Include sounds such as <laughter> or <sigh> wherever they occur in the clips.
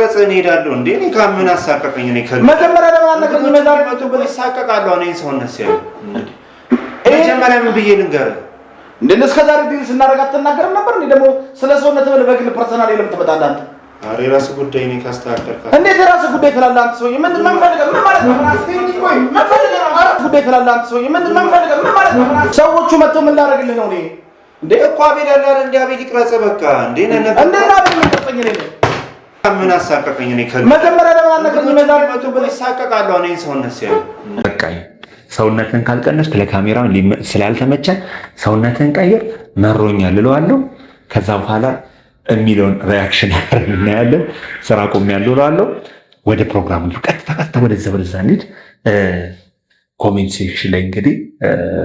ቅረጽ እንሄዳለሁ እንዴ? እኔ ካምን አሳቀቀኝ። እኔ ከል መጀመሪያ ለምን አልነገረኝ? ይመጣል መቶ ብር ይሳቀቃለሁ። እኔ ሰውነት ሲያዩ መጀመሪያ ምን ብዬ ልንገርህ? እንዴ ዛሬ ዲል ስናደርግ አትናገርም ነበር? እኔ ደግሞ ስለ ሰውነት ብለህ በግል ፐርሰናል የለም ትመጣለህ አንተ። ኧረ የራስህ ጉዳይ እኔ ካስተካከልክ እንዴት የራስህ ጉዳይ ትላለህ አንተ ሰውዬ? ምን ምን ፈልገህ ምን ማለት ነው? ምን ፈልገህ ነው? ራስህ ጉዳይ ትላለህ አንተ ሰውዬ? ምን ምን ፈልገህ ምን ማለት ነው? ሰዎቹ መጥተው ምን ላደርግልህ ነው? እኔ እንዴ እኮ አቤል ያለ እንዴ አቤል ይቅረጽ በቃ እንዴ ነነ እንዴ አቤል ምን ተጠኝ ነኝ ምን አሳቀቀኝ? መጀመሪያ ሰውነትን ካልቀነስ ለካሜራ ስላልተመቸ ሰውነትን ቀይር፣ መሮኛል እለዋለሁ። ከዛ በኋላ የሚለውን ሪያክሽን እናያለን። ስራ ቆሜያለሁ እለዋለሁ። ወደ ፕሮግራሙ ቀጥታ ቀጥታ ወደዛ ወደዛ እንሂድ። ኮሜንት ሴክሽን ላይ እንግዲህ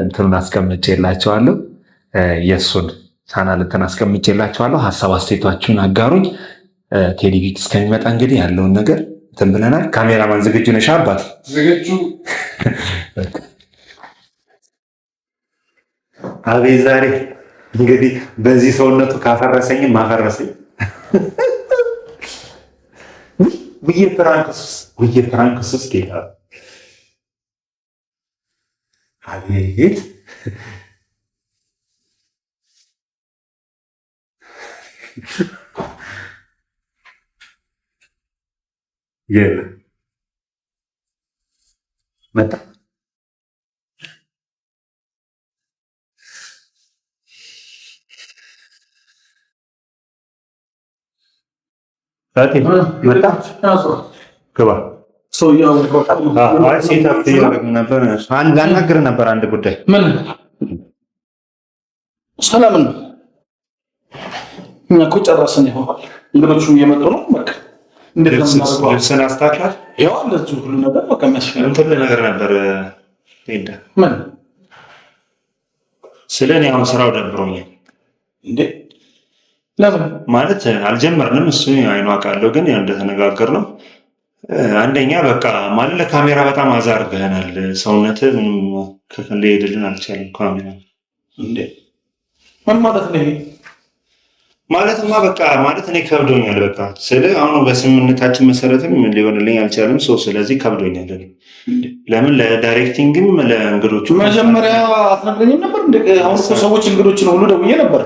እንትኑን አስቀምጬ የላቸዋለሁ የእሱን ቻናል እንትን አስቀምጬ የላቸዋለሁ። ሀሳብ አስተያየታችሁን አጋሩኝ። ቴሌቪዥን እስከሚመጣ እንግዲህ ያለውን ነገር እንትን ብለናል። ካሜራማን ዝግጁ ነሽ? አባት ዝግጁ። አቤት ዛሬ እንግዲህ በዚህ ሰውነቱ ካፈረሰኝም ማፈረሰኝ ውዬ ፕራንክሱስ ውዬ ፕራንክሱስ ጌታ አቤት የመ መጣ ላናግርህ ነበር አንድ ጉዳይ ሰላም ነው። እኛ እኮ ጨረስን ይሆናል። እንግዶቹ እየመጡ ነው። በቃ ልብስን አስታውቃል። ያው ሁሉ ነገር በቃ የሚያስፈልግ እንትን ነገር ነበር። ምን ስለ እኔ አሁን ስራው ደብሮኛል እንዴ? ለምን ማለት አልጀመርንም። እሱ አይኗ ቃለው ግን እንደተነጋገር ነው። አንደኛ በቃ ማለት ለካሜራ በጣም ብህናል። ሰውነት ምንም ሊሄድልን አልቻለም። ካሜራ ምን ማለት ነው? ማለትማ በቃ ማለት እኔ ከብዶኛል። በቃ ስለ አሁን በስምምነታችን መሰረትም ሊሆንልኝ አልቻለም ሰው ስለዚህ ከብዶኛል። ለምን ለዳይሬክቲንግም ለእንግዶቹ መጀመሪያ አትነግረኝም ነበር? አሁን ሰዎች እንግዶችን ሁሉ ደውዬ ነበር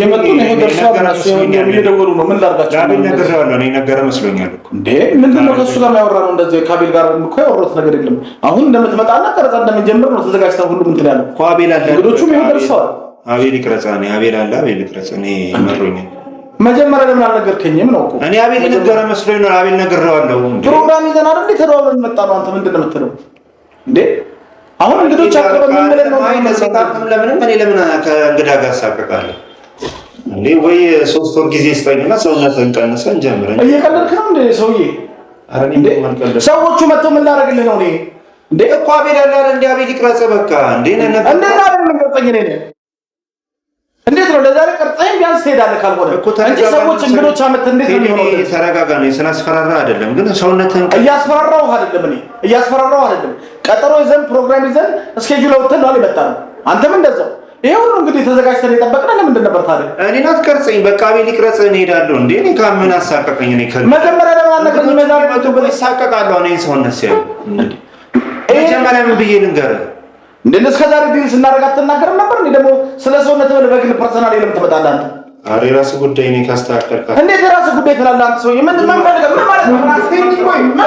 የመጡ ነው እየደወሉ ነው። ምን ላድርጋቸው? ነግሬዋለሁ እኔ ነገረ መስሎኛል እኮ እንዴ። ምንድን ነው ከእሱ ጋር ያወራ ነው እንደዚህ። ከአቤል ጋር እኮ ያወራሁት ነገር የለም። አሁን እንደምትመጣና ቀረጻ እንደምንጀምር ነው ተዘጋጅተን ሁሉም እንትን ያለው እኮ አቤል አለ። እንግዶቹም ይኸው ደርሰዋል። አቤል ይቅረጻ ነው። አቤል አለ። አቤል ይቅረጻ ነው። ይመሩኝ መጀመሪያ ለምን አልነገርከኝም ነው እኮ እኔ አቤል ነገረ መስሎኝ ነው። አቤል ነግሬዋለሁ። ፕሮግራም ይዘን አይደል ተደዋውለን መጣ ነው። አንተ ምንድን ነው የምትለው እንዴ? አሁን እንግዶች አቅርበን ምን ብለን ነው? አይ ለሰጣም ለምንም እኔ ለምን ከእንግዳ ጋር ሳቀቃለሁ እንዴ? ወይ ሶስት ወር ጊዜ ስጠኝና ሰውነትን ቀንሰን እንጀምረን። እየቀለድክ ነው እንዴ ሰውዬ? ኧረ እኔ ማልቀልድ ሰዎቹ መጥተው ምን ላደርግልህ ነው እኔ እንዴ? እኮ አቤል ያለ እንዴ? አቤል ይቅረጽ በቃ እንዴ ነነ ምን ገጠኝ ነኝ እንዴት ነው ለዛሬ ቀርጸኝ ቢያንስ ትሄዳለህ ካልሆነ እንጂ ሰዎች እንግዶች አመት እንዴት ነው የሚሆነው? ተረጋጋ ነው ስናስፈራራ አይደለም ግን ሰውነትን እያስፈራራው አይደለም እኔ እያስፈራራው አይደለም። ቀጠሮ ይዘን ፕሮግራም ይዘን እስኬጁል አውጥተን ነው የመጣ ነው። አንተም እንደዛው ይሄ ሁሉ እንግዲህ ተዘጋጅተን የጠበቅን ለምንድን ነበር ታዲያ? እኔ ናት ቀርጸኝ በቃ ቤ ሊቅረጽ እንሄዳለሁ እንዴ? እኔ ከምን አሳቀቀኝ? እኔ ከ መጀመሪያ ለምን አልነገረኝም? መዛሪያ መቶ ብለህ ይሳቀቃለሁ። እኔን ሰውነት ሲያዩ መጀመሪያ ምን ብዬ ልንገርህ እንደ እስከ ዛሬ ዲል ስናደርግ አትናገርም ነበር እኔ ደግሞ ስለ ሰውነት ብለህ በግል ፐርሰናል የለም ትመጣለህ አንተ። ኧረ የራስህ ጉዳይ ነው። ካስተካከልክ እንዴት የራስህ ጉዳይ ትላለህ አንተ ሰውዬ? ምን ምን ፈልገህ ምን ማለት ነው? ነገር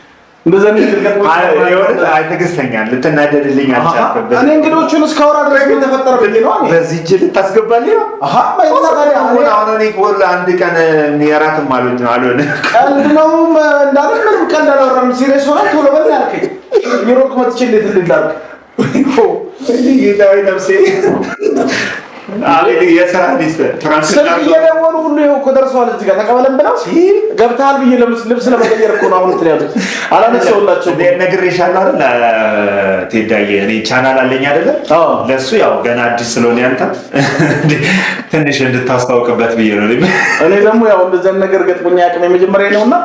አትግስተኛል ልትናደድልኝ አልቻልክም። እኔ እንግዶቹን እስካወራ ድረስ የተፈጠረ በዚህ እጅ ልታስገባልኝ ነው። አንድ ቀን የራትም አልሆንም አልሆንም ቀልድ ነው እንዳለ ምንም ቀልድ አላወራም። ሲሪየስ ሆነ ቶሎ በል ያልከኝ የሮክ መጥቼ እንዴት ልላልክ ነፍሴ የስራ ሊስት ትራንስ ደርሰዋል። እዚህ ጋር ተቀበለን ብለው ሲል ገብተሃል ብዬ ለምስ ልብስ ለመቀየር እኮ ነው። አሁን እንትን ያሉት አላነሳሁላቸውም። ነግሬሻለሁ አይደል ቴዳዬ፣ እኔ ቻናል አለኝ አይደለም ለእሱ ያው ገና አዲስ ስለሆነ ያንተ <laughs> ትንሽ እንድታስታውቅበት ብዬ ነው። እኔ ደግሞ ያው እንደዚያ ነገር ገጥሞኛ ያቅም የመጀመሪያ ነውና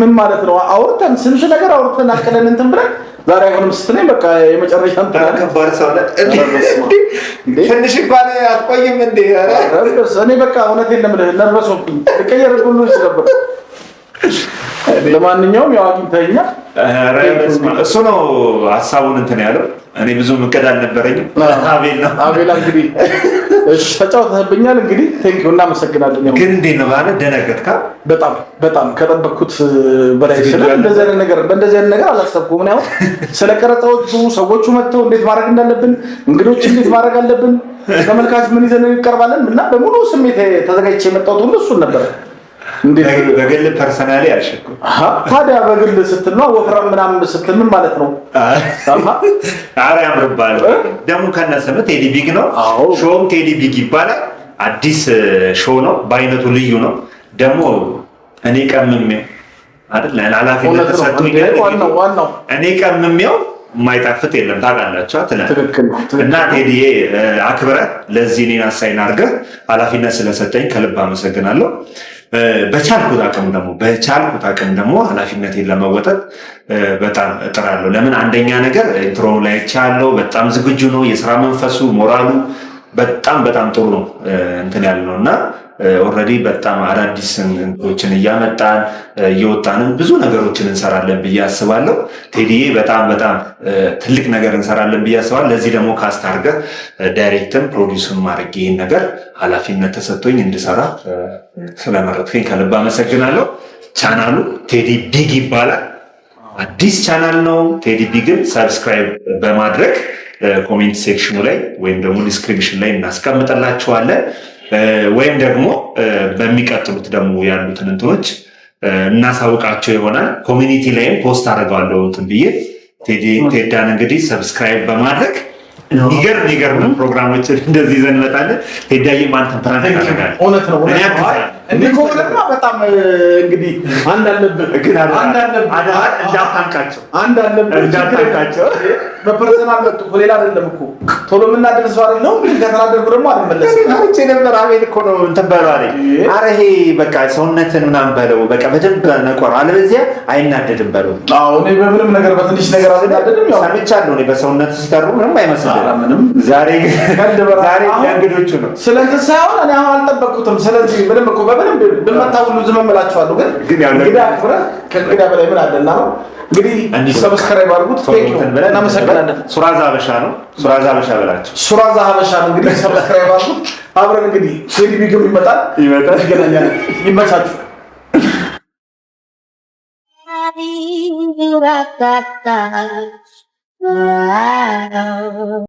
ምን ማለት ነው አውርተን ስንሽ ነገር አውርተን አቅለን እንትን ብለን ዛሬ አይሆንም ስትለኝ በቃ የመጨረሻ ከባድ ሰው ነህ። ትንሽ እንኳን አትቆይም እንዴ? እኔ በቃ እውነቴን ነው የምልህ ነርቨስ ሆንኩኝ። ልቀየር ሁሉ ነበር። ለማንኛውም ያው አግኝተኸኛል። እሱ ነው ሀሳቡን እንትን ያለው። እኔ ብዙ እቅድ አልነበረኝም። አቤል ነው አቤላ እንግዲህ ተጫውተህብኛል። እንግዲህ ቴንክ ዩ እናመሰግናለን። ግን እንዴት ነው ማለት ደነገጥካ? በጣም በጣም ከጠበቅኩት በላይ ስለ እንደዚህ አይነት ነገር በእንደዚህ አይነት ነገር አላሰብኩም። ያው <laughs> ስለ ቀረጻዎቹ ሰዎቹ መጥተው እንዴት ማድረግ እንዳለብን፣ እንግዶች እንዴት ማድረግ አለብን፣ ተመልካች ምን ይዘን እንቀርባለን እና በሙሉ ስሜት ተዘጋጅቼ የመጣሁት ሁሉ እሱን ነበር። በግል ፐርሰናሊ አልሸኩም። ታዲያ በግል ስትል ነው ወፍራም ምናምን ስትል ምን ማለት ነው? ኧረ ያምርባል። ደግሞ ከነስም ቴዲ ቢግ ነው። ሾውም ቴዲ ቢግ ይባላል። አዲስ ሾው ነው። በአይነቱ ልዩ ነው። ደግሞ እኔ ቀምሜው አይደል ኃላፊነት ተሰጥቶኛል። እኔ ቀምሜው የማይጣፍጥ የለም ታውቃላችሁ። እና ቴዲዬ አክብረ ለዚህ እኔን አሳይን አድርገህ ኃላፊነት ስለሰጠኝ ከልብ አመሰግናለሁ። በቻልኩት አቅም ደግሞ በቻልኩት አቅም ደግሞ ኃላፊነቴን ለመወጠጥ በጣም እጥራለሁ። ለምን አንደኛ ነገር ኢንትሮ ላይ ቻለው በጣም ዝግጁ ነው። የስራ መንፈሱ ሞራሉ በጣም በጣም ጥሩ ነው እንትን ነው እና ኦልሬዲ በጣም አዳዲስ እንትኖችን እያመጣን እየወጣንን ብዙ ነገሮችን እንሰራለን ብዬ አስባለሁ። ቴዲዬ በጣም በጣም ትልቅ ነገር እንሰራለን ብዬ አስባለሁ። ለዚህ ደግሞ ካስት አድርገህ ዳይሬክትም ፕሮዲውስም አድርጌ ይህን ነገር ኃላፊነት ተሰጥቶኝ እንድሰራ ስለመረጥከኝ ከልብ አመሰግናለሁ። ቻናሉ ቴዲ ቢግ ይባላል። አዲስ ቻናል ነው። ቴዲ ቢግን ሰብስክራይብ በማድረግ ኮሜንት ሴክሽኑ ላይ ወይም ደግሞ ዲስክሪፕሽን ላይ እናስቀምጥላችኋለን። ወይም ደግሞ በሚቀጥሉት ደግሞ ያሉትን እንትኖች እናሳውቃቸው ይሆናል። ኮሚኒቲ ላይም ፖስት አደርገዋለሁ እንትን ብዬ ቴዳን እንግዲህ ሰብስክራይብ በማድረግ ይገርም ይገርም ፕሮግራሞችን እንደዚህ ይዘን እንመጣለን። ቴዳዬ ማንተን ፕራንክ አደርጋለሁ እኔ እንዲህ ከሆነማ በጣም እንግዲህ አንድ አለብን፣ አንድ አለብን፣ አንድ አለብን፣ አንድ አለብን በፐርሰናል መጡ እኮ ሌላ አይደለም እኮ ቶሎ የምናደርሰው አይደል ነው። ከተናደርኩ ደግሞ አልመለስም። አንቺ ነበር አሜን እኮ ነው እንትን በለው አለኝ። ኧረ ይሄ በቃ ሰውነትን ምናምን በለው በቃ በደንብ ነቆር፣ አለበለዚያ አይናደድም በለው። አዎ እኔ በምንም ነገር በትንሽ ነገር አልናደድም። ያው ሰምቻለሁ እኔ በሰውነቱ ሲጠሩ ምንም አይመስልም። ምንም ዛሬ ዛሬ ለእንግዶቹ ነው ስለዚህ ሳይሆን እኔ አሁን አልጠበቅኩትም። ስለዚህ ምንም እኮ በምንም ብመታ ሁሉ ዝም እምላቸዋለሁ። ግን ግን ያው እንግዳ ክብረ ከእንግዳ በላይ ምን አለና ነው እንግዲህ ሰብስክራይብ አድርጉት። እናመሰግናለን። ሱራዛ ሀበሻ ነው። ሱራዛ ሀበሻ በላቸው። ሱራዛ ሀበሻ ነው። እንግዲህ ሰብስክራይብ አድርጉት። አብረን እንግዲህ ሴድ ቢግም ይመጣል ይመጣል። ይገናኛለን። ይመቻችሁ።